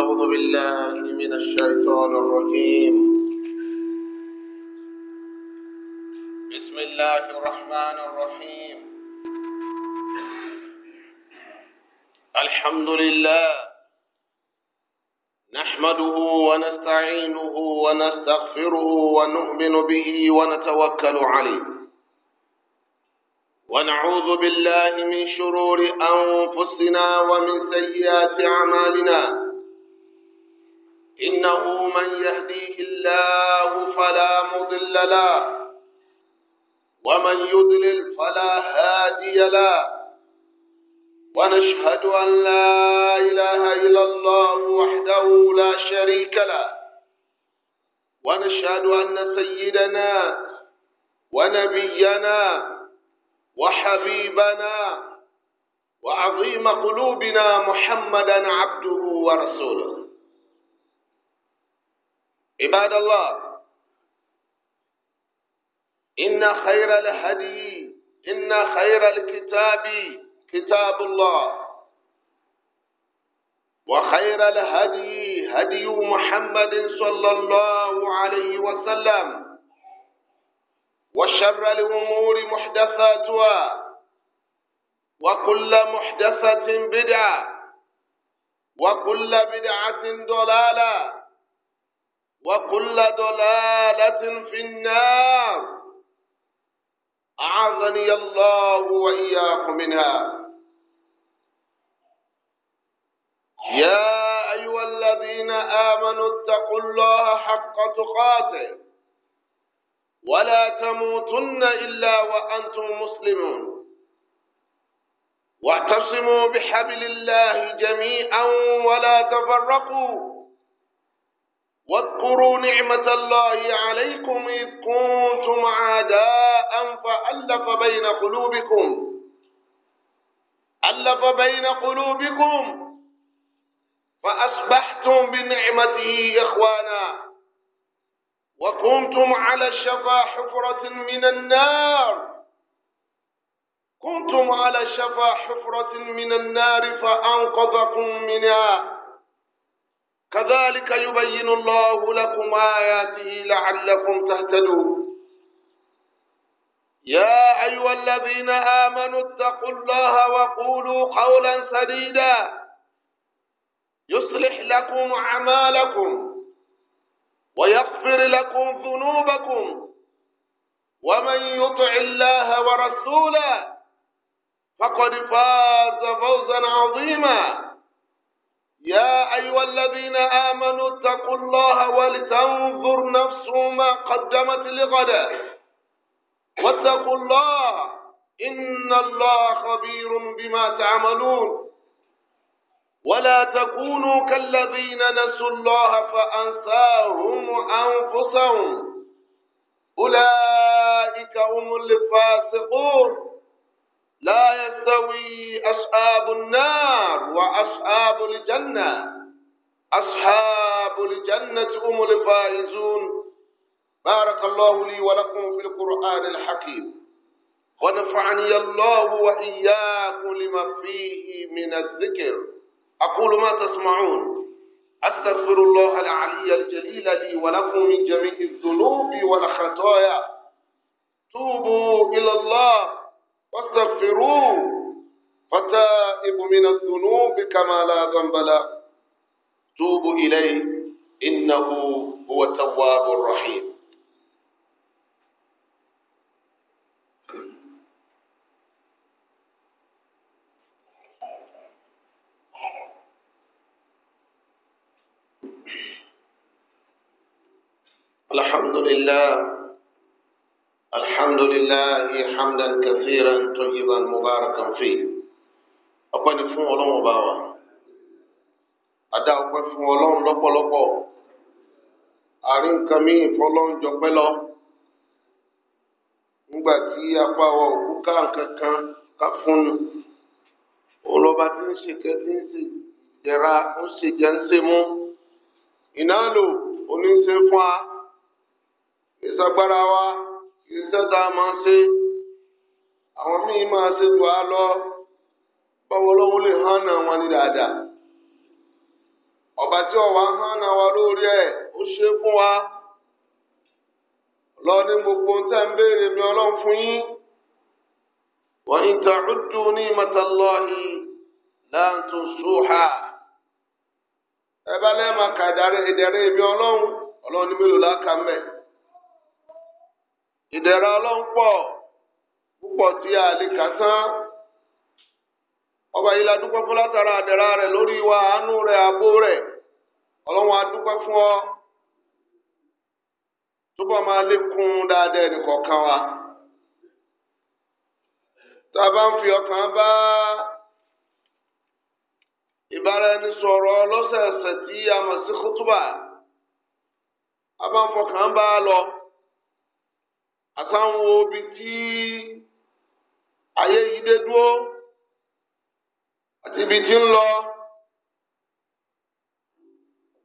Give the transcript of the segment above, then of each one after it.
أعوذ بالله من الشيطان الرجيم بسم الله الرحمن الرحيم الحمد لله نحمده ونستعينه ونستغفره ونؤمن به ونتوكل عليه ونعوذ بالله من شرور أنفسنا ومن سيئات أعمالنا إنه من يهديه الله فلا مضل له ومن يضلل فلا هادي له ونشهد أن لا إله إلا الله وحده لا شريك له ونشهد أن سيدنا ونبينا وحبيبنا وعظيم قلوبنا محمدا عبده ورسوله عباد الله إن خير الهدي إن خير الكتاب كتاب الله وخير الهدي هدي محمد صلى الله عليه وسلم وشر الأمور محدثاتها وكل محدثة بدعة وكل بدعة ضلالة وكل ضلالة في النار أعاذني الله وإياكم منها يا أيها الذين آمنوا اتقوا الله حق تقاته ولا تموتن إلا وأنتم مسلمون واعتصموا بحبل الله جميعا ولا تفرقوا واذكروا نعمة الله عليكم إذ كنتم عداء فألف بين قلوبكم ألف بين قلوبكم فأصبحتم بنعمته إخوانا وكنتم على شفا حفرة من النار كنتم على شفا حفرة من النار فأنقذكم منها كذلك يبين الله لكم آياته لعلكم تهتدون يا أيها الذين آمنوا اتقوا الله وقولوا قولا سديدا يصلح لكم أعمالكم ويغفر لكم ذنوبكم ومن يطع الله ورسوله فقد فاز فوزا عظيما يا أيها الذين آمنوا اتقوا الله ولتنظر نفس ما قدمت لغدا واتقوا الله إن الله خبير بما تعملون ولا تكونوا كالذين نسوا الله فأنساهم أنفسهم أولئك هم الفاسقون لا يستوي أصحاب النار وأصحاب الجنة أصحاب الجنة هم الفائزون بارك الله لي ولكم في القرآن الحكيم ونفعني الله وإياكم لما فيه من الذكر أقول ما تسمعون أستغفر الله العلي الجليل لي ولكم من جميع الذنوب والخطايا توبوا إلى الله واستغفروه فتائب من الذنوب كما لا ذنب له توبوا إليه إنه هو التواب الرحيم الحمد لله الحمد لله حمدا كثيرا طيبا مباركا فيه ọpẹ́ ni fún Ọlọ́run ọba wa adá ọpẹ́ fún Ọlọ́run lọ́pọ̀lọpọ̀ àrí nǹkan míì fọ́lọ́run jọpẹ́ lọ nígbà tí apá wa òkú ká nǹkan kan ká fún un ọlọba tí ń ṣèkẹ tí ń ṣe jẹra ń ṣe jẹ ń ṣe mú ìnáàlò oníṣe fún wa. ìsagbára wa kì í sẹ́ta máa ṣe àwọn míì máa ṣe tó á lọ bọ́wọ́ lọ́wọ́ lè náà wọn ní dáadáa ọba tí ọwà hàn náà wa lórí ẹ̀ ó ṣe fún wa lọ ní gbogbo tẹ́ ń béèrè mi ọlọ́run fún yín ẹ bá lẹ́ẹ̀ máa kà mi ọlọ́run ọlọ́run ní ìdẹ̀ra ọlọ́run pọ̀ púpọ̀ tí a lè kà tán ọba yìí la dúpẹ́ fún látara àdẹ̀ra rẹ̀ lórí wa àánú rẹ̀ àbó rẹ̀ ọlọ́run a dúpẹ́ fún ọ túbọ̀ máa lékún dáadáa ẹnìkọ̀ọ̀kan wa tá a bá ń fi ọkàn bá ìbáraẹnisọ̀rọ̀ lọ́sẹ̀ẹsẹ̀ tí a mọ̀ sí kútúbà a bá ń fọkàn bá a lọ àtàwọn obì tí ayé yìí dé dúró àti ibi tí ń lọ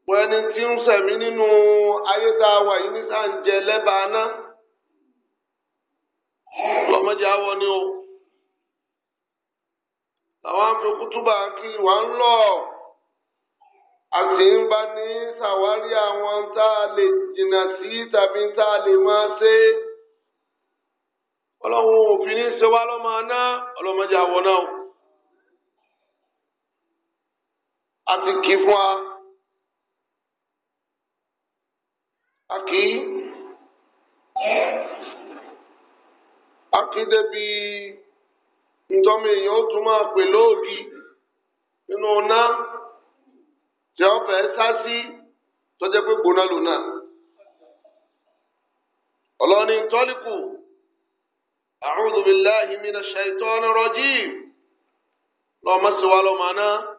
pọ̀ ẹni tí ń sẹ̀mí nínú ayé tá a wà yìí ní sàǹjẹ lẹ́bàá náà lọ́mọdé awọ ni o làwọn afẹ́kútúbà kí ìwà ń lọ àti ń bá ní ṣàwárí àwọn tá a lè jìnnà sí tàbí tá a lè máa ṣe é. ọlọ́run òfin ní ṣe wá lọ́mọ aná ọlọ́mọdé àwọ̀ náà a ti kì fún wa a kì í a kì í débi ntọ́mọ èèyàn ó tún máa pè lóògì nínú ọ̀nà tí wọ́n fẹ́ sá sí tọ́jẹ́ pé gbóná lónà ọlọ́ni tọ́líkù. أعوذ بالله من الشيطان الرجيم لما سوى لما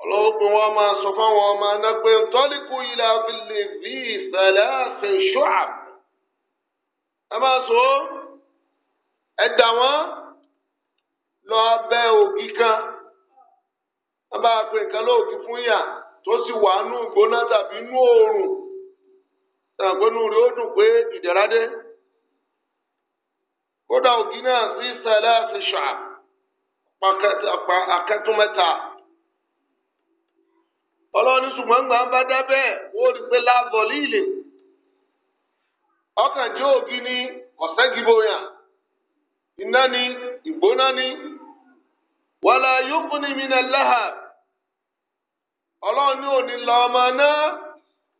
wa máa sọ fáwọn ọmọ anágbé tọ́líkù ilẹ̀ abilé bí ìsàlẹ̀ àṣẹ sọ ẹ dà wọ́n lọ bẹ ògì ẹ bá a pè nǹkan lóògì fún yà kódà ògì náà sí sẹlẹ sí mẹ́ta ọlọ́ọ̀ni ṣùgbọ́n gbà ń bá dá bẹ́ẹ̀ ó pé láàbọ̀ líle ọkàn jẹ́ ògì ní ọ̀sẹ́giboyà iná ni ìgbóná ni wàlá yókù ní mi ní láhà ọlọ́ọ̀ni ò ní lọ ọmọ náà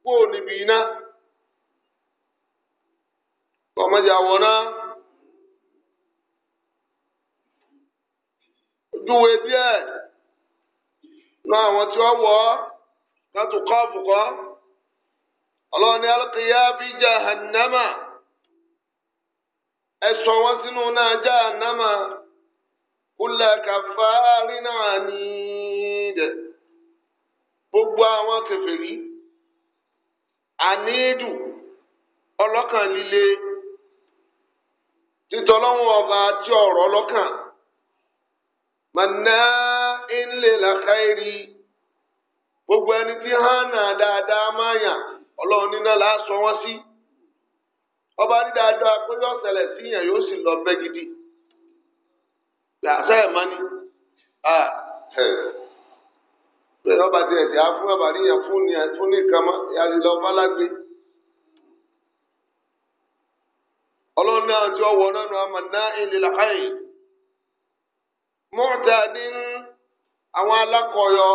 kó o níbi iná júwe díẹ̀ nu tí wọ́n wọ̀ ọ́ kátó kọ́ọ̀fù kọ́ ọlọ́ọ̀ni alqiya fi jahannama ẹ̀sọ́ wọn sínú náà jahannama kúlẹ̀ kàfáàrí náà ní gbogbo àwọn kèfèrí anidu ọlọ́kàn lile títọ́ lọ́wọ́ ọba ti manna'in ìnlélà káìrí gbogbo ẹni tí hánà dáadáa máa yàn ọlọ́run na là á sí ọba ní dáadáa pé yóò ṣẹlẹ̀ yóò sì lọ bẹ́ gidi làásẹ̀ mọ́ ni ọba tiẹ̀ tí a fún ọba fún ní fún ní mọ́ ìyá lọ bálágbé ọlọ́run náà mọ́tàdí àwọn alákọ̀ọ́yọ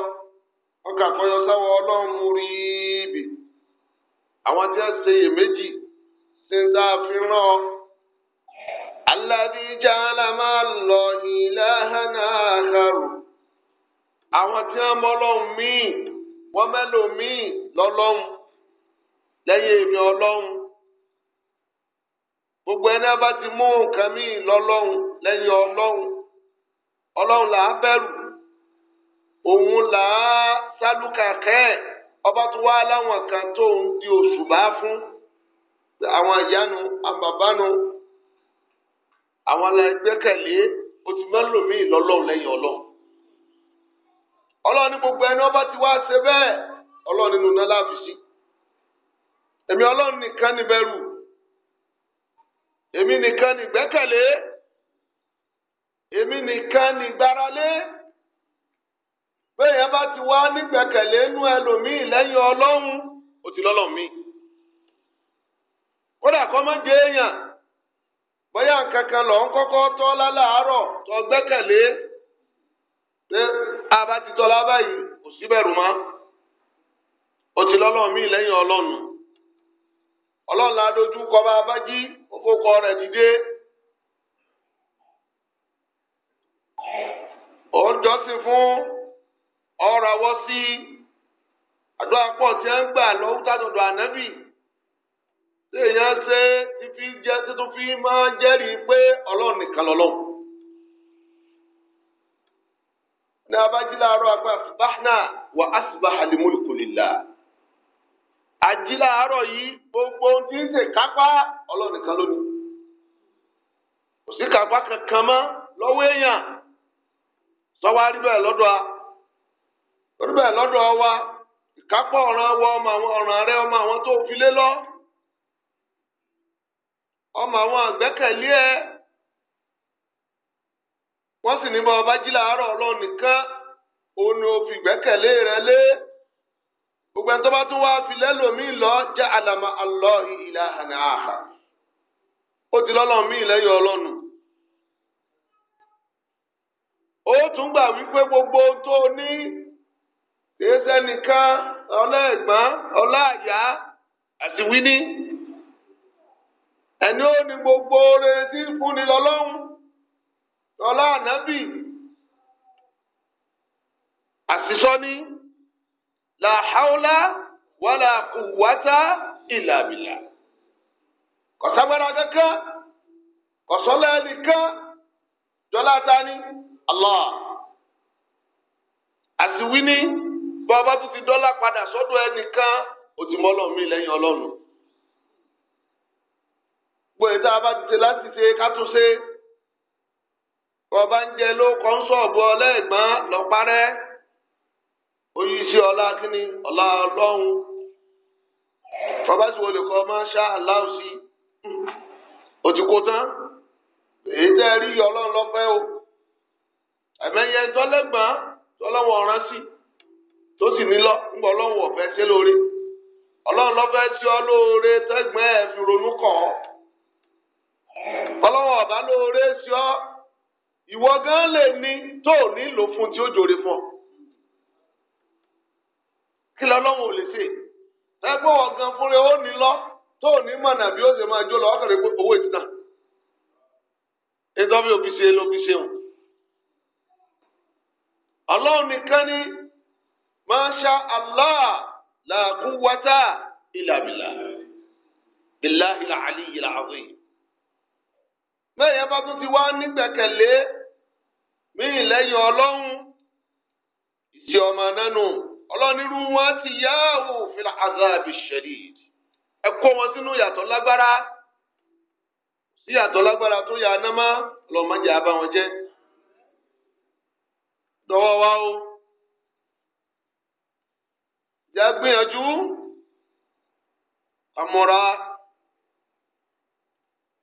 ọkà kọyọ sáwọ ọlọ́run mú rí ibì àwọn tí a ṣe méjì ṣe ń dáa fi rán ọ. alladhi ja'ala ma'a Allahi ilahan àwọn tí a mọ ọlọ́run míì wọ́n mẹ́lò míì lọ́lọ́run lẹ́yìn èmi gbogbo ẹni a bá ti mú nǹkan míì lọ́lọ́run ọlọ́run là á bẹ̀rù òun là á sálùkà kẹ́ ẹ̀ ọba tó wá láwọn kan tó ń di òṣùbà fún àwọn ìyanu àbàbánu àwọn aláìgbẹ́kẹ̀lé oṣù mẹ́lòmíì lọ́lọ́run lẹ́yìn ọlọ́run ọlọ́run ní gbogbo ẹni ọba ti wá ṣe bẹ́ẹ̀ ọlọ́run nínú náà láàbì sí èmi ọlọ́run nìkan níbẹ̀rù èmi nìkan nìgbẹ́kẹ̀lé. èmi nìkan nìgbáralé bẹ́ẹ̀ yẹn bá ti wá nígbẹ̀kẹ̀lé inú ẹlòmíì lẹ́yìn ọlọ́run ó ti lọ́lọ́ mi kódà kọ́ má jẹ èèyàn bóyá nǹkankan lọ ń kọ́kọ́ tọ́ lálàárọ̀ tọ́ gbẹ́kẹ̀lé pé ti tọ́lá báyìí kò síbẹ̀rù mọ́ ó ti la kọ́ bá bá jí ó ń jọ́sìn fún ọ̀rọ̀wọ́ sí àdúrà pọ̀ tí ń gbà lọ́wọ́ tàdọ̀dọ̀ ànábì tí èèyàn ṣe ti fi jẹ́ tuntun fi máa jẹ́rìí pé ọlọ́run nìkan ní abájí láàárọ̀ àgbà wà asibáhà lè múlùkù lìlá. àjí láàárọ̀ yìí gbogbo ohun tí ń ṣe kápá ọlọ́run nìkan kankan mọ́ lọ́wọ́ èèyàn. sọ́wọ́ rí bẹ́ẹ̀ lọ́dọ̀ a lórí bẹ́ẹ̀ lọ́dọ̀ wa ìkápọ̀ ọ̀ràn wọ ọ̀ràn rẹ ọmọ àwọn tó fi lé lọ ọmọ àwọn àgbẹ́kẹ̀lé ẹ wọ́n sì ní bá ọba jí làárọ̀ ọlọ́run nìkan òun ni ó fi rẹ lé gbogbo ẹni tó bá tún fi lẹ́lòmíì lọ jẹ́ àlàmà àlọ́ ìlànà àhà ó di lẹ́yìn ọlọ́run ó tún gbà wípé gbogbo tó ní kìí sẹ́nìkan ọlẹ́ẹ̀gbọ́n ọláàyá àti wíní ẹni ó ní gbogbo oore tí ń fúnni lọ́lọ́run lọ́lá ànábì àsisọ́ni làhàólá wàlà kùwàtà ìlàbìlà kọ̀sàgbára kankan kọ̀sọ́lá ẹnìkan jọlá tani. Allah àti wíní bá a bá tún ti dọ́là padà sọ́dọ̀ ẹnìkan ó ti mọ́ ọlọ́run mi lẹ́yìn ọlọ́run gbogbo ìta bá ti ṣe láti ṣe ká tún ṣe ọba ń jẹ ló kọ́ ń sọ̀bù ọlẹ́ẹ̀gbọ́n lọ́parẹ́ oyin sí ọlá kínní ọlá ọlọ́run bàbá sì wọlé kọ́ máa ṣá aláwọ̀ sí òtí kó tán èyí tẹ́ rí ọlọ́run lọ́fẹ́ o. àmẹ́yẹ tọ́lẹ́gbọ̀n tọ́lọ́wọ́ rántí tó sì nílọ ńgbọ́ ọlọwọ ọ̀fẹ́ ṣe lóore ọlọ́run lọ́fẹ́ ṣe ọ lóore tẹ́gbọ́n ẹ̀ fi ronú kàn ọ̀bá lóore ṣe ọ ìwọ gan lè ní tó nílò fún tí ó jòrè fún ọ kí lè ṣe gan fúnra ó tó ní bí ó ọlọ́run nìkan ni masha allah la quwwata illa billah billahi al-aliyyil azim bẹ́ẹ̀ yẹn bá tún ti wá nígbẹ̀kẹ̀lé mí lẹ́yìn ọlọ́run ìṣe ọmọ nánú ọlọ́nirú wọn ti yá òfin azabi shadid ẹ kó wọn sínú yàtọ̀ lágbára sí yàtọ̀ lágbára tó yà á námá lọ́ọ́ má jẹ́ abá jẹ́. dọ́wọ́ wa o gbìyànjú àmọ́ra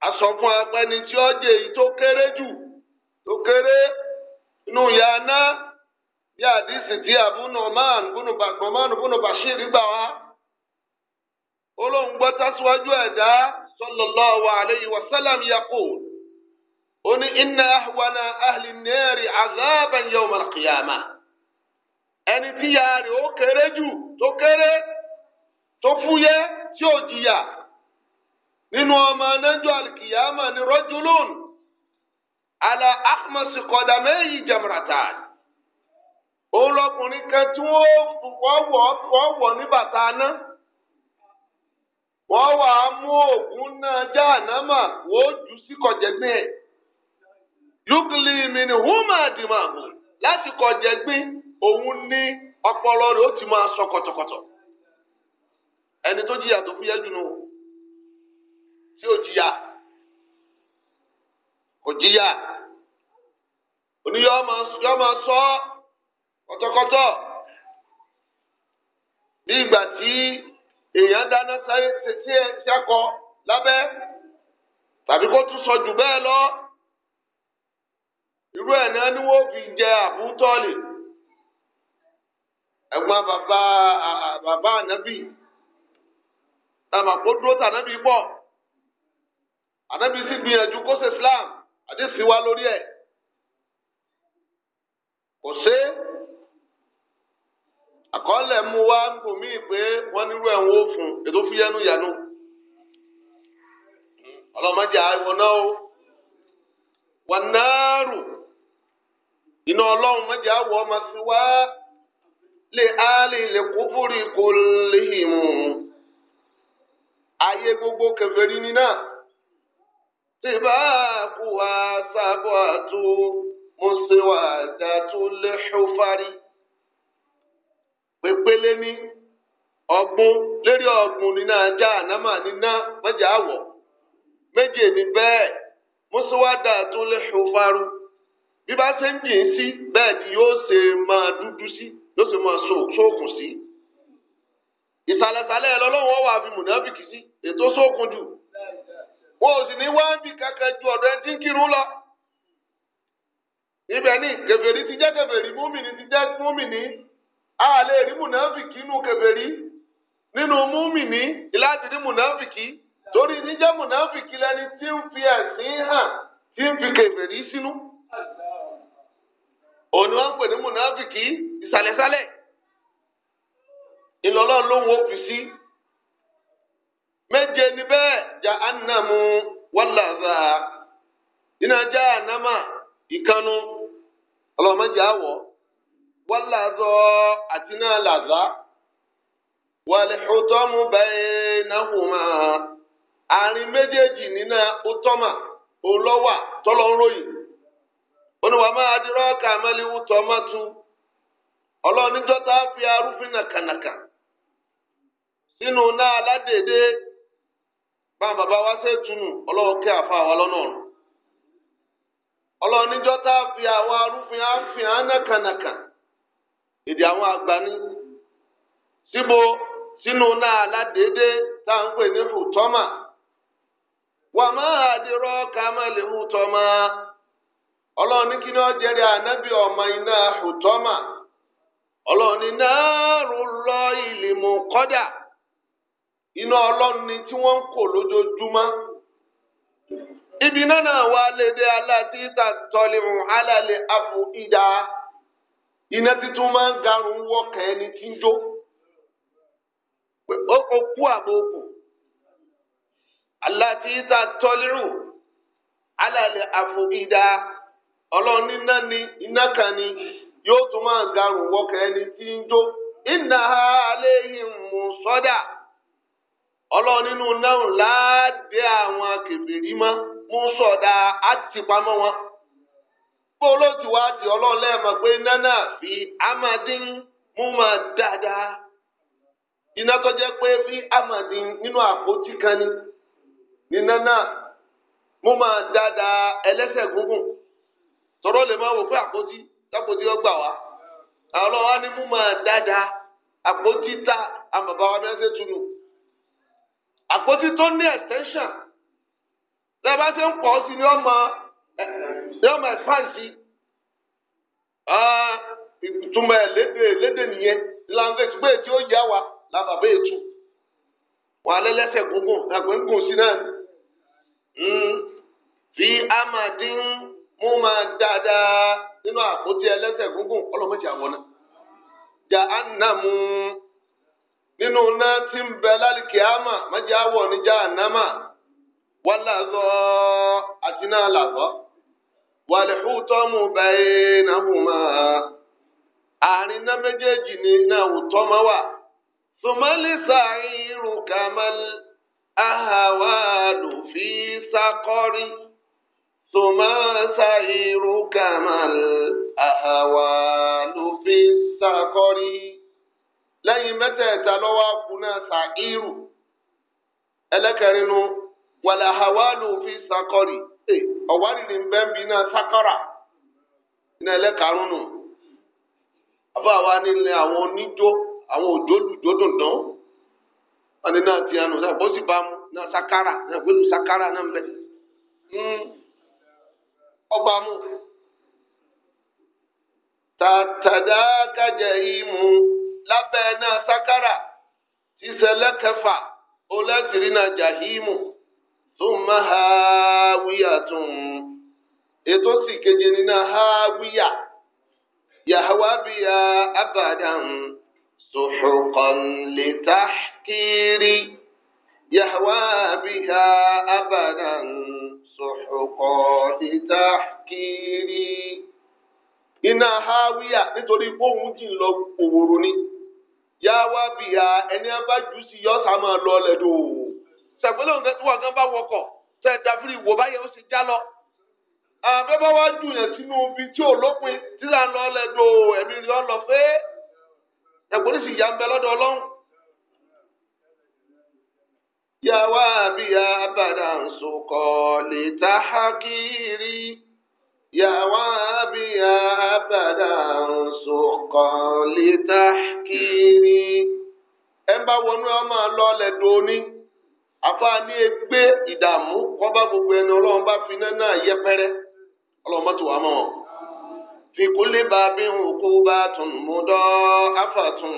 aṣọ fún apẹni tí ó jẹ tó kéré jù tó kéré ya ná bí àdìsí tí àbúnú máàn búnú bàgbọ́n máàn búnú bàṣír gbà wá ẹ̀dá sallallahu wa Oni ní inna ahwana ahli n'eri azaban yawm al-qiyama ẹni tí ya rẹ̀ ó kéré jù tó kéré tó fúyẹ́ tí ò jìyà nínú ọmọ al ni ala akhmasi qadamayhi jamratan kan tí wọ́n wọ̀ ní bàtà aná wọ́n wà á mú òògùn náà já ànámà jù sí yúgìlì mi ni húmà dìmọ̀ àgùn láti kọjẹ gbín òun ní ọpọlọ rẹ̀ ó ti máa sọ kọ̀tọ̀kọ̀tọ̀ ẹni tó jìyà tó fúyẹ́ jù nù tí ò jìyà kò jìyà òní yọ máa sọ kọ̀tọ̀kọ̀tọ̀ bí ìgbà tí èèyàn dáná sáré ṣe tí ẹ ṣakọ lábẹ́ tàbí kó tún sọ jù bẹ́ẹ̀ lọ. irú ẹ̀ náà ni wọ́n fi jẹ àbútọ́ọ̀lì ẹ̀gbọ́n bàbá bàbá ànábì tàbàkó dúró tànábì pọ̀ ànábì sì gbìyànjú kó ṣe Islam si wa lórí ẹ̀ kò sí àkọọ́lẹ̀ mú wá ń bò mí pé wọ́n nírú ẹ̀ ń wó fún ètò o náà iná ọlọ́run mẹ́jẹ̀ àwọ̀ ọmọ sí wá lè áálì lè kó fúri kò lè hìmù ayé gbogbo kèfèrí ni náà tí bá kú wá sábọ̀ àtú mo ṣe wà dàtú pépélé ní ọgbọ́n lérí ọgbọ́n nínú ajá ànámà níná mẹ́jẹ̀ àwọ̀ méje ní bẹ́ẹ̀ mo ṣe wà dàtú bí bá ṣe ń dìn sí bẹ́ẹ̀ ni yóò ṣe máa dúdú sí yóò ṣe máa sóòkùn sí ìsàlẹ̀sàlẹ̀ lọ́lọ́wọ́ wà fi mùnáfíkì sí ètò sóòkùn jù wọn ò sì ní wá bí kankan ju ọ̀dọ̀ ẹni tí ń lọ ibẹ̀ ni kèfèrí ti jẹ́ kèfèrí múmìnì ti jẹ́ múmìnì a lè rí mùnáfíkì nínú kèfèrí nínú múmìnì láti rí mùnáfíkì torí ní jẹ́ mùnáfíkì lẹni tí ń fi ẹ̀sìn hàn tí ń fi kèfèrí sínú. òní wọn ń pè ní mùnàfìkì ìsàlẹ̀sàlẹ̀ ìlọlọ lóhùn òfin sí méje ni bẹ́ẹ̀ jà ánámù wàlàzà nínú ajá ànámà ìkanu ọlọmọdé àwọ wàlàzọ àti náà làzà wàlẹ̀xútọ́mù bẹ́ẹ̀ náà hùmà àárín méjèèjì nínú ọtọ́mà òun onuwa ma adịrọ ka amali wụtọ matu ọlọni jọta afi arufi na kanaka sinu na ala dede baba wa se tunu ọlọwọ ke afa wa lọnà ọrụ ọlọni jọta afi awa arufi afi ana awọn agbani sibo sinu na ala dede ta n ne fu tọma wa ma adịrọ ka amali wụtọ ma. ọlọ́run ní kí ni wọ́n jẹ́rìí ànábì ọmọ iná hùtọ́mà ọlọ́run ní náàrú lọ ìlìmù kọ́dà iná ọlọ́run tí wọ́n ń kò lójoojúmọ́ ibi náà náà wà lédè aládìíta tọ́lẹ̀hùn alálẹ̀ àfù ìdá iná títún máa ń garun wọ́kẹ́ ẹni tí ń jó okú àbòkù aládìíta tọ́lẹ̀hùn alálẹ̀ àfù ìdá. ọlọ́run níná ni iná ni yóò tún máa garùn wọkẹ ẹni tí ń jó iná aléyìn mú sọ́dà ọlọ́run nínú náà láàdé àwọn akébèrè mọ́ mú sọ̀dà á wọn bó ló ti wá di pé fi mú jẹ́ pé fi nínú àpótí kan ni náà mú tọ́rọ́ lè máa wò pé àpótí lápótí ọgbà wá àwọn ọlọ́wà ni mú máa dáadáa àpótí tá àmàbá wa mẹ́sẹ̀ túnú àpótí tó ní extension tẹ́ bá ṣe ń pọ̀ sí ni ọmọ ni ọmọ expand sí ìtumọ̀ ẹ̀ léde léde nìyẹn ìlànà ìtumọ̀ èdè ó yá wa làbàbá ètù wà lẹ́lẹ́sẹ̀ gúngùn àgbẹ̀ ń gùn sí náà hmm. fi amadin. mo máa dáadáa nínú àpótí ẹlẹ́sẹ̀ gúngùn ọlọ́mọdé àwọn náà. jà á nà mú nínú iná tí ń bẹ lálìkí àmà mọ́jà wọ̀ ní jà ànámà wà lásọ àti náà làbọ̀ wà lẹ́hùn tọ́mù bẹ́ẹ̀ náà hùn máa. àárín náà méjèèjì ni náà wù tọ́mọ wà. sùmọ́lì sàárì irun kàmẹ́lì sákọ́rí. ثم سيرك مع الأهوال في السقر lẹ́yìn mẹ́tẹ̀ẹ̀ta lọ́wọ́ akuná sàírù ẹlẹ́kẹ̀rinu wàlàhàwálù fi sàkọ́rì ọ̀wárìrì ń bẹ́ẹ̀ bí náà sàkọ́rà ní ẹlẹ́kàrúnù àbá wa nílẹ̀ àwọn oníjó àwọn òjòlùjòdùndán wọn ni náà ti hàn náà bó sì ọgbamu tatadakajamo latenasakara tiselekafa oletirina jahimo tụmaha wuye tụ ịtụsikejeri naha wuye yahua ba akdam soụkom letakeri yahua biha tahkiri iná hawiya nítorí gbóhùn jìn lọ òwòrò ni yáwá bìyà ẹni abá jù sí yọ́sà máa lọ lẹ́dọ̀ sàgbélé wọn kan bá wọkọ̀ tẹ̀ dàbírí wò báyẹn ó sì já lọ àbẹ́bá wá jù yẹn sínú ibi tí ò lópin tí là ń lọ lẹ́dọ̀ ẹ̀mí rí ọ lọ pé ẹ̀gbọ́n sì yá ń bẹ lọ́dọ̀ ọlọ́run. yàwá يا abàdà ń sokọ̀ lè ta hákìrì yàwá bí abàdà ń sokọ̀ lè ta hákìrì. ẹ ń bá wọnú ẹ máa lọ lẹ́dọ̀ òní àfààní egbé ìdààmú kọ́ bá gbogbo ẹni ọlọ́run bá fi náà náà yẹpẹrẹ ọlọ́run mọ́tò wà mọ́ wọn. bá bí òkú bá tún mú dọ́ àfàtún.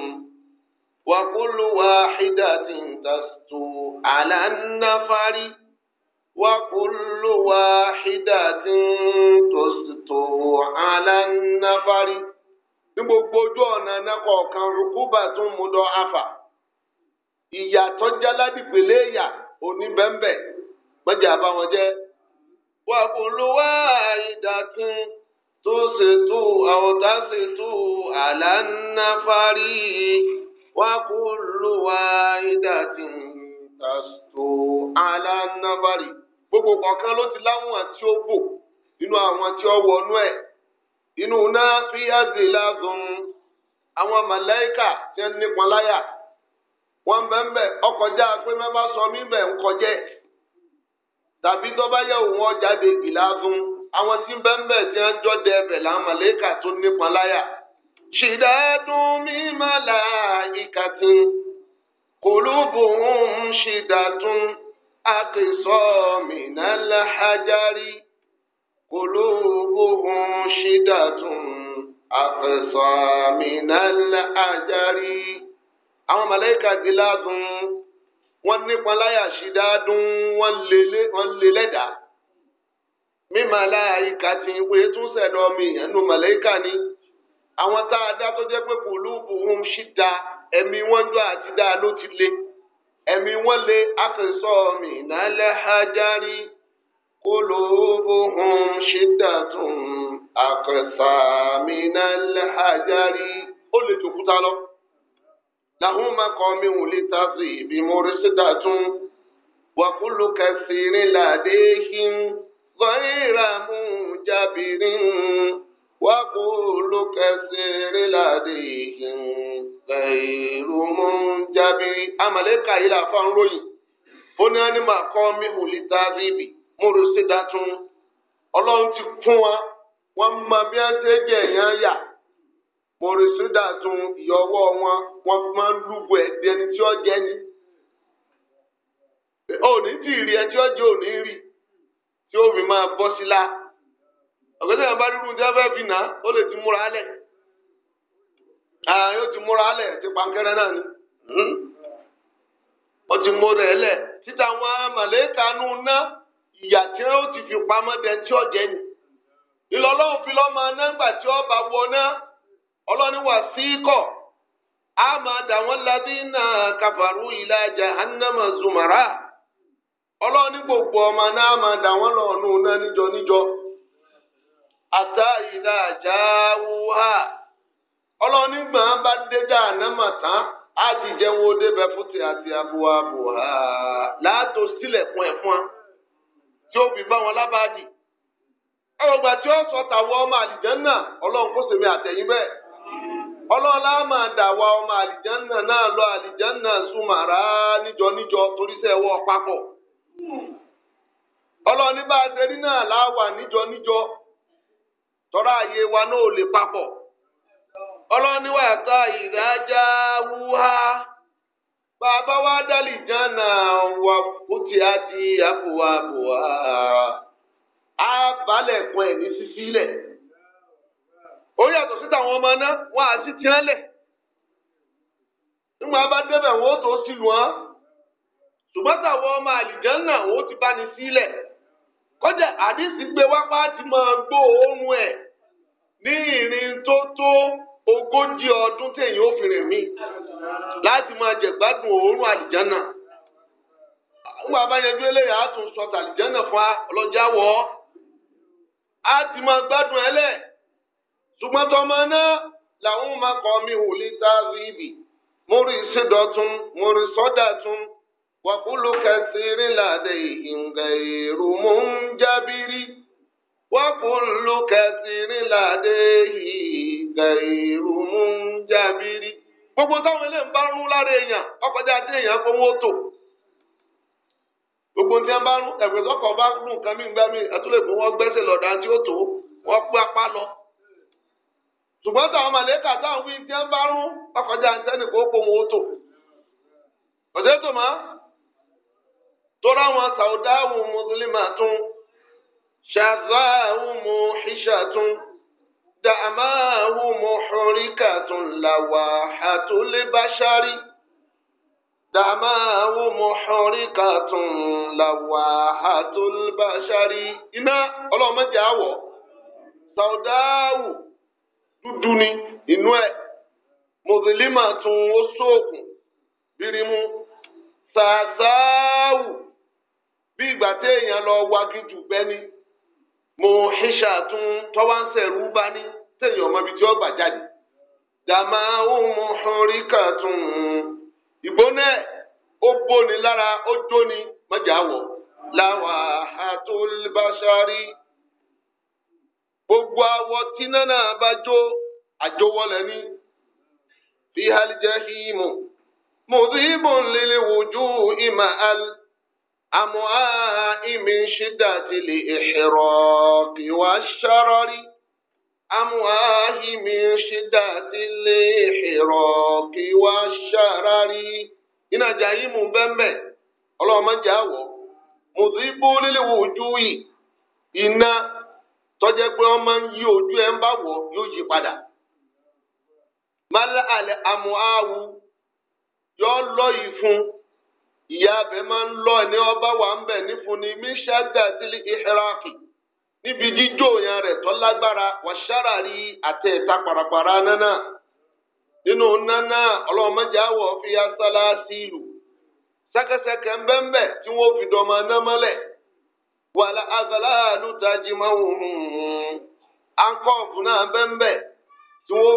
وكل واحدة تستو على النفر وكل واحدة تستو على النفر ní gbogbo ojú ọ̀nà ẹ̀nà kọ̀ọ̀kan rúkúbà tún mú dán afa ìyàtọ̀ jáládìgbélé ìyà oníbẹ̀ǹbẹ̀ mọ́jà àbáwọn jẹ́. وكل واحدة تستو أو تستو على النفر. وكل واحدة تستو على النبر gbogbo kọ̀ọ̀kan ló ti láwọn tí ó bò nínú àwọn tí ó wọnú ẹ̀ inú náà fi ẹ̀sìn lágùn àwọn màláíkà tí ń nípọn láyà wọn bẹ́ẹ̀ ọkọjá pé mẹ́fà sọ mí bẹ́ẹ̀ ń kọjẹ́ tàbí tó yẹ òun ọjà de gìlá gùn àwọn tí ń bẹ́ẹ̀ tí ń jọ́ de ẹbẹ̀ làwọn tó nípọn láyà. شداد من ملائكة قلوبهم شداد أقصى من الحجر قلوبهم شداد أقصى من الحجر àwọn màláíkà ti láàdùn wọn nípa láyà ṣìdádùn wọn lè lẹ́dàá mímàláyà ìkà ti wé tún mi ìyẹn nu màláíkà ni àwọn tá a dá tó jẹ́ pé kò lóògùn ohun ṣì da ẹ̀mí wọn jọ àti dá ló ti le ẹ̀mí wọn le akẹ́sọ mi nálẹ́ hajari kó lóògùn ṣì dà tún akẹ́sà mi nálẹ́ hajari ó lè jòkúta lọ. làwọn máa kọ́ mi wò lè ta sí ibi mo rí sí dà tún wàkúlù kẹsìrín làdéhìn gbọ́n ìràmú jábìrín. وقول كثير لديهم غير منجبر amaleka yìí làfa ń ròyìn fúnni á ní máa kọ́ mímú lítà ríbi múrùsídà tún ọlọ́run ti bí wọn máa ń ẹni tí ó ni òní tí ì rí ẹni tí ó òní rí tí la. ọ̀gọ́dẹ̀ yẹn bá rírun tí wọ́n fẹ́ fi nà ó lè ti múra alẹ̀ yóò ti múra alẹ ti pankẹ́rẹ́ náà ni hmm? ó ti múra ẹlẹ títa wọn màlẹ́ta nù ná ìyà tí ti fi pamọ́ dẹ̀ tí ọ̀jẹ̀ ni ìlọlọ́run fi lọ́ máa ná tí ọba wọ ọlọ́ni wà sí kọ̀ máa dà wọ́n kàfàrú zumara gbogbo ọmọ náà máa dà àtà ìdá àjáwúhà ọlọ́ọ̀ni gbọ̀n bá dé dáhànámà tán á ti jẹun ó débẹ̀ fúti àti abuwabuha láàtò sílẹ̀kùn ẹ̀ fún wa tí ó fi bá wọn lábàádì ọgbà tí ó sọ tàwọn ọmọ Alijanna ọlọ́run kó sèmi àtẹ̀yìn bẹ́ẹ̀ ọlọ́ọ̀lá máa dàwa ọmọ Alijanna náà lọ àlìjánná súnmàrà níjọ níjọ torí sẹ́wọ́ papọ̀ ọlọ́ọ̀ni bá a ṣe rí náà láwà níjọ níjọ. tọ́lá àyè wa náà ò lè papọ̀ ọlọ́niwà ká ìdájà ha. bàbá wa dálì jánà wà bùtì àti àbùwàbùwà á balẹ̀ ní sísí lẹ̀ ó sí ọmọ náà á sì bá ó tó ṣùgbọ́n tàwọn ti bá ní sílẹ̀ kọjá àdìsí gbé ti máa gbó oorun ẹ̀. ni irin tó tó ogójì ọdún tẹ̀yìn o fi rìn lati láti máa jẹ̀gbádùn òórùn àlìjánà nígbà bá yanjú eléyà á tún sọ fún ọlọ́jà wọ̀ ti máa gbádùn ẹ lẹ̀ ṣùgbọ́n tọmọ náà làwọn máa kọ́ mi hù lí sáré ibì mo rí sídọ̀tún mo rí sọ́dà tún wàkúlù kẹsìrìnlá dé ìhìngà èrò mò وكل كثير لديه غير منجبر gbogbo táwọn eléyìí ń bá rún lára èèyàn èèyàn tó gbogbo tí wọn bá rún bá rún nǹkan mí fún wọn tí ó tó wọn pé apá lọ. ṣùgbọ́n táwọn màlẹ́kà táwọn wí tí wọn ọkọjá kó tó. máa tó ráwọn sàwùdáwù شذاهم حشة دعماهم حركة لواحة البشر دعماهم حركة لواحة البشر iná ọlọ́run mẹ́jẹ̀ àwọ̀ sàwùdáàwù dúdú ni inú ẹ̀ mùsùlùmá tún ó sóòkùn bírímù sàṣáàwù bí ìgbà téèyàn lọ wá gíjù bẹ́ni. mo ṣíṣà tún tọ́wá ń sẹ̀rú bá ní tẹ̀yìn ọmọ tí ó gbà jáde. dàmà ohun mo hàn rí ni ìgbóná ó bóni lára ó jóni gbogbo awọ tí nánà bá jó àjówọlẹ̀ ní fi wuju al. أمعاء من شدة الإحراق والشرر أمواه من شدة الإحراق والشرر iná jahimu bẹ́ẹ̀mẹ́ ọlọ́mọdé àwọ̀ mùsíbù lílewò ojú yìí iná tọ́jẹ́ pé wọ́n máa ń yí ojú ẹ̀ ń bá pada. Ma laa lọ ìyá abẹ máa ń lọ ẹni ọba wà ń bẹ nífun ni míṣáda sílí ìhẹ́ráàkì níbi jíjó yẹn rẹ̀ tó lágbára wàṣára rí àti parapara nánà nínú nánà fi asálá sí ìlú sẹ́kẹsẹ́kẹ́ ń tí wọ́n fi dọ̀mọ náà mọ́lẹ̀ wàlá azàlá náà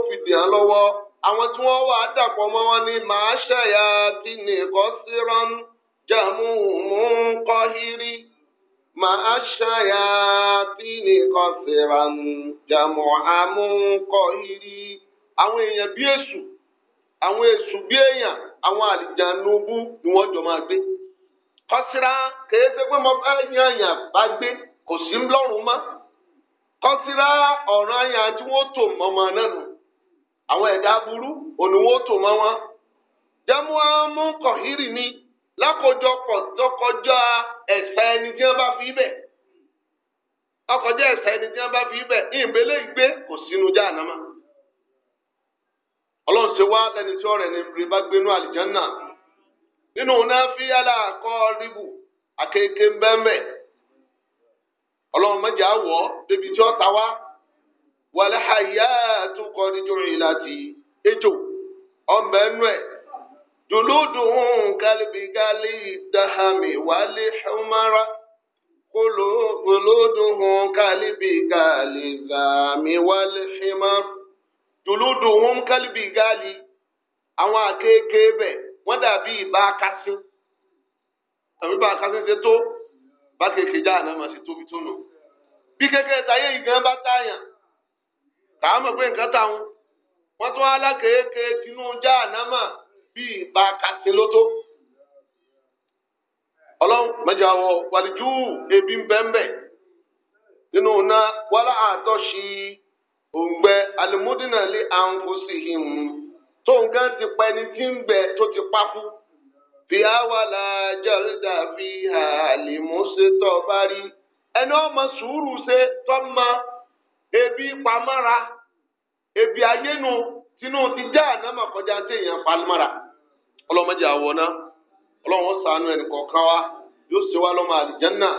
fi àwọn tí wọ́n wà dàpọ̀ mọ́ wọn ni màá ṣẹ̀yà kí ni sí rán jẹ̀mú mú kọ́ hírí. màá ṣẹ̀yà kí ni sí rán jẹ̀mú àmú kọ́ hírí. àwọn èèyàn bí èṣù àwọn èṣù bí èèyàn àwọn ni wọ́n jọ máa gbé. kọ́síra kèé pé mo fẹ́ yan àyàn bá gbé kò sí lọ́rùn mọ́. kọ́síra ọ̀ràn àwọn ẹ̀dá burú òníwó tó mọ́ wọn. jẹ́múhámú kọ̀hírì ni lákòjọpọ̀ tó kọjá ẹ̀sà ẹni tí wọ́n bá fi bẹ̀. ọkọjá ẹ̀sà ẹni tí wọ́n bá fi bẹ̀ ìgbé kò sínú jáànámà. ọlọ́run ṣe wá lẹ́ni rẹ̀ bá gbénú àlìjánná. nínú náà wàlẹ́ àyà tó kọ́ níjó ìlà tí ejò ọmọ ẹnu ẹ̀ dùlúdùn kálíbíkálí dàhámi wálé humara dùlúdùn kálíbíkálí dàhámi wálé humara dùlúdùn kálíbíkálí àwọn akéèké bẹ̀ wọ́n dàbí ìbá kásín àbí bá kásín ṣe tó bá kéèké jáà náà máa ṣe tóbi tó nù bí kéèké táyé ìgbẹ́ bá táyàn. kà á mọ̀ pé nǹkan táwọn wọ́n tún alákèéké tinú já ànámà bíi ìgbà kàṣelótó ọlọ́run mẹ́jọ wọ wàlíjú ebi ń bẹ́ńbẹ́ nínú iná wàrà àtọ́sí òǹgbẹ alimudinali anfusihim tó nǹkan ti pa ẹni tí ń gbẹ tó ti pa kú fi fi tọ́ bá rí ẹni ọmọ sùúrù ṣe ebi pamara ebi ayénu tinu ti já ànámà kọjá ti èèyàn palmọ́ra ọlọ́mọdé àwọ̀ná ọlọ́run ṣàánú ẹnì kọ̀ọ̀kan wa yóò ṣe wá lọ́mọ àlìjánná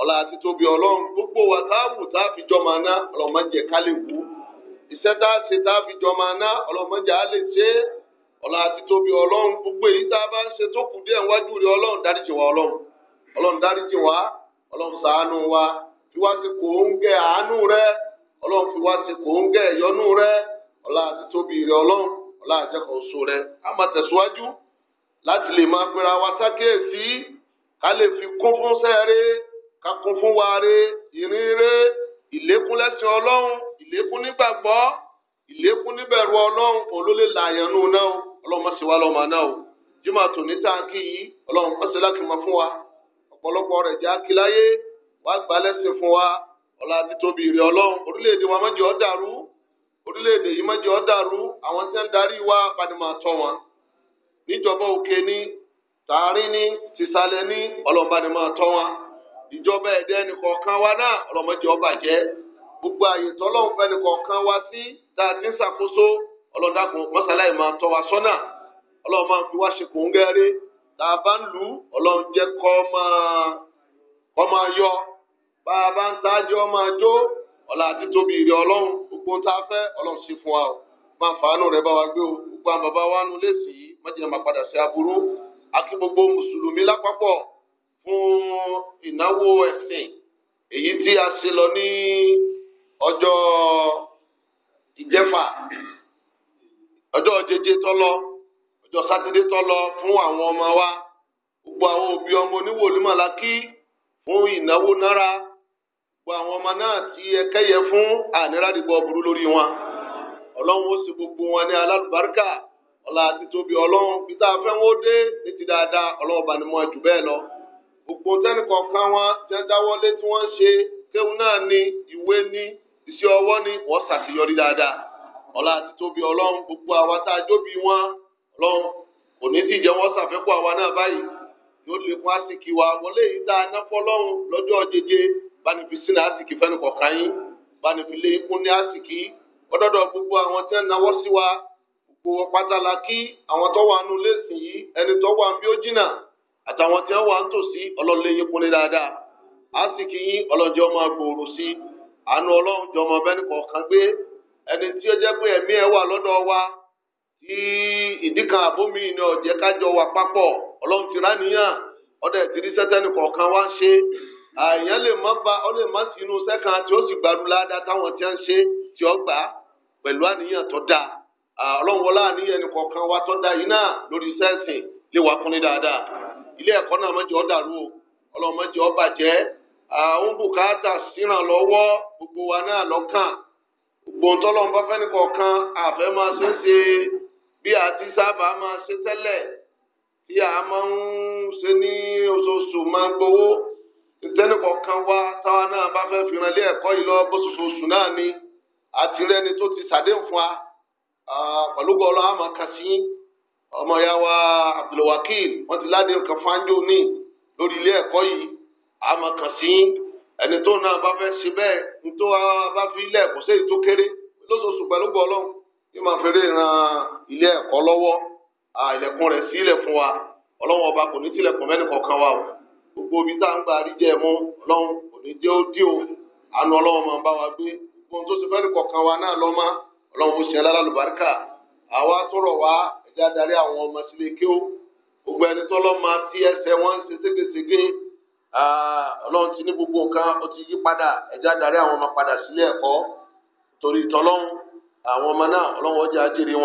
ọ̀la àti tóbi ọlọ́run gbogbo wa taa táàfijọ́ máa ná ọlọ́mọdé ká lè wú iṣẹ́ máa ná ṣe àti tóbi gbogbo èyí tá ọlọ́run fi wá ti kò ń gẹ̀ ẹ̀yọ́nú rẹ ọlá àti tóbi rẹ ọlọ́run ọlá àjẹkọ̀ọ́ so rẹ á máa tẹ̀síwájú láti lè máa pera wa sákèésí ká lè fi kún fún sẹ́ẹ̀rẹ́ ká kún fún waare ìrínre ìlékún lẹ́sìn ọlọ́run ìlékún nígbàgbọ́ ìlékún níbẹ̀rù ọlọ́run olólè làyànnú náà ọlọ́run má ṣe wá lọ́mọ náà o jimá tòní tá a yìí ọlọ́run má ṣe láti mọ fún wa ọ̀pọ̀lọpọ̀ rẹ̀ jẹ́ akíláyé wàá gbà lẹ́sìn fún wa. ọlá títóbi rẹ̀ ọlọ́run orílẹ̀-èdè wa má jẹ́ ó dàrú orílẹ̀-èdè yìí má jẹ́ ó dàrú àwọn tí ń darí wa panimọ̀ àtọ́ wọn níjọba òkè ní tààrin ní gbogbo àyè wa sí tá a ti ń ṣàkóso ọlọ́dàgùn mọ́sálàyé wa máa a bá ń lù yọ bá a bá ń tájọ́ máa jó ọ̀la àti tóbi ìrẹ̀ ọlọ́run gbogbo ń tá a fẹ́ ọlọ́run sì fún wa o máa fàánù rẹ̀ bá wa gbé o gbogbo àwọn bàbá wa nu lẹ́sì yìí májèlé máa padà sí aburú àti gbogbo mùsùlùmí lápapọ̀ fún ìnáwó ẹ̀sìn èyí tí a ṣe lọ ní ọjọ́ ìjẹ́fà ọjọ́ jẹjẹ tọ́lọ ọjọ́ sátidé tọ́lọ fún àwọn ọmọ wa gbogbo àwọn òbí ọmọ oníwòlímọ̀ kí fún ìnáwó náírà gbogbo àwọn ọmọ náà tí ẹ kẹ́yẹ fún àníràdìgbọ́ burú lórí wọn ọlọ́run ó sì gbogbo wọn ní alálùbáríkà ọlá títóbi ọlọ́run peter afẹ́wọ́n ó dé ní ti dáadáa ọlọ́run bá ní mọ jù bẹ́ẹ̀ lọ gbogbo tẹ́nìkọ̀ọ̀kan wọn tẹ́ dáwọ́lé tí wọ́n ṣe kéwù náà ni ìwé ni iṣẹ́ ọwọ́ ni wọ́n ṣàṣeyọrí dáadáa ọlá títóbi ọlọ́run gbogbo àwa tá a jóbi wọn ọlọ́run kò ní sì jẹ́ wọ́n ṣàfẹ́kù àwa náà báyìí yóò lè fún àsìkí wa wọlé yìí tá a jẹjẹ báni fi sínú àsìkí fẹ́ni kọ̀ọ̀kan yín báni fi lé kún ní àsìkí ọdọdọ gbogbo àwọn tí wọn náwó sí wa gbogbo pátá la kí àwọn tó wà nù lẹ́sìn yìí ẹni tó wà ń bí ó jìnnà àtàwọn tí wọn wà ń tòsí ọlọ́lẹ́yìn kúnlẹ̀ dáadáa àsìkí yín ọlọ́jọ́ máa gbòòrò sí àánú ọlọ́run jọ ọmọ bẹ́ni kọ̀ọ̀kan gbé ẹni tí ó jẹ́ pé ẹ̀mí ẹ̀ wà lọ́dọ̀ wa tí ìdí kan àbómi ni ọ̀jẹ́ kájọ àyàn ah, lè má ba ọ lè má sínú sẹ́kàn tí ó sì gbàdúrà ládàá táwọn tí wọ́n ń ṣe tí ó gbà pẹ̀lú àníyàn tó dáa ah, ọlọ́run wọlé àníyàn ẹnì kọ̀ọ̀kan wa tó dáa yìí náà lórí sẹ́ẹ̀sìn lè wà fúnni dáadáa ilé ẹ̀kọ́ náà mọ̀jẹ̀ dàrú o ọlọ́run mọ̀jẹ̀ ọ́ bàjẹ́ àwọn ah, bùkátà síran lọ́wọ́ gbogbo wa náà lọ́kàn gbòǹtọ́lọ́run bá fẹ́ni kọ̀ọ̀kan àfẹ́ máa ṣe ṣe bí a ti sábà máa ṣe tẹ́lẹ̀ tí a máa ń ṣe ní oṣooṣù máa ń gbowó tẹnukọ kan wá táwa náà bá fẹ́ fi ìrànlẹ́ ẹ̀kọ́ yìí lọ bó ṣoṣooṣù náà ni àti rẹni tó ti sàdéhùn fún wa pẹ̀lú gbọ́dọ̀ àmọ́ kan sí ọmọ ya wa Abdulwakil wọ́n ti ládéhùn kan fáńjó ní lórí ilé ẹ̀kọ́ yìí àmọ́ kan sí ẹni tó náà bá fẹ́ ṣe bẹ́ẹ̀ nítorí wa bá fi ilé ẹ̀kọ́ sí èyí tó kéré lóṣooṣù pẹ̀lú gbọ́dọ̀ yìí máa fẹ́rẹ̀ ran ilé ẹ̀kọ́ lọ́wọ́ ilẹ̀kùn rẹ̀ sí ilẹ̀ fún wa ọlọ́wọ́n ọba kò ní tilẹ̀kùn mẹ́nìkọ̀ọ̀kan wa o gbogbo omi tá à ń gba àríjẹ mú ọlọ́run kò ní jẹ́ ó dí o àánú ọlọ́run máa bá wa gbé ohun tó ti fẹ́ nìkọ̀ọ̀kan wa náà lọ́ mọ́ ọlọ́run ó ṣe alálùbáríkà àwa tó rọ̀ wá ẹ̀já darí àwọn ọmọ sílé kí ó gbogbo ẹni tó lọ́mọ tí ẹsẹ̀ wọn ṣe ségesège ọlọ́run ti ní gbogbo nǹkan ó ti yí padà ẹ̀já darí àwọn ọmọ padà sílé ẹ̀kọ́ torí ìtọ́lọ́run àwọn ọmọ náà ọlọ́run ọjà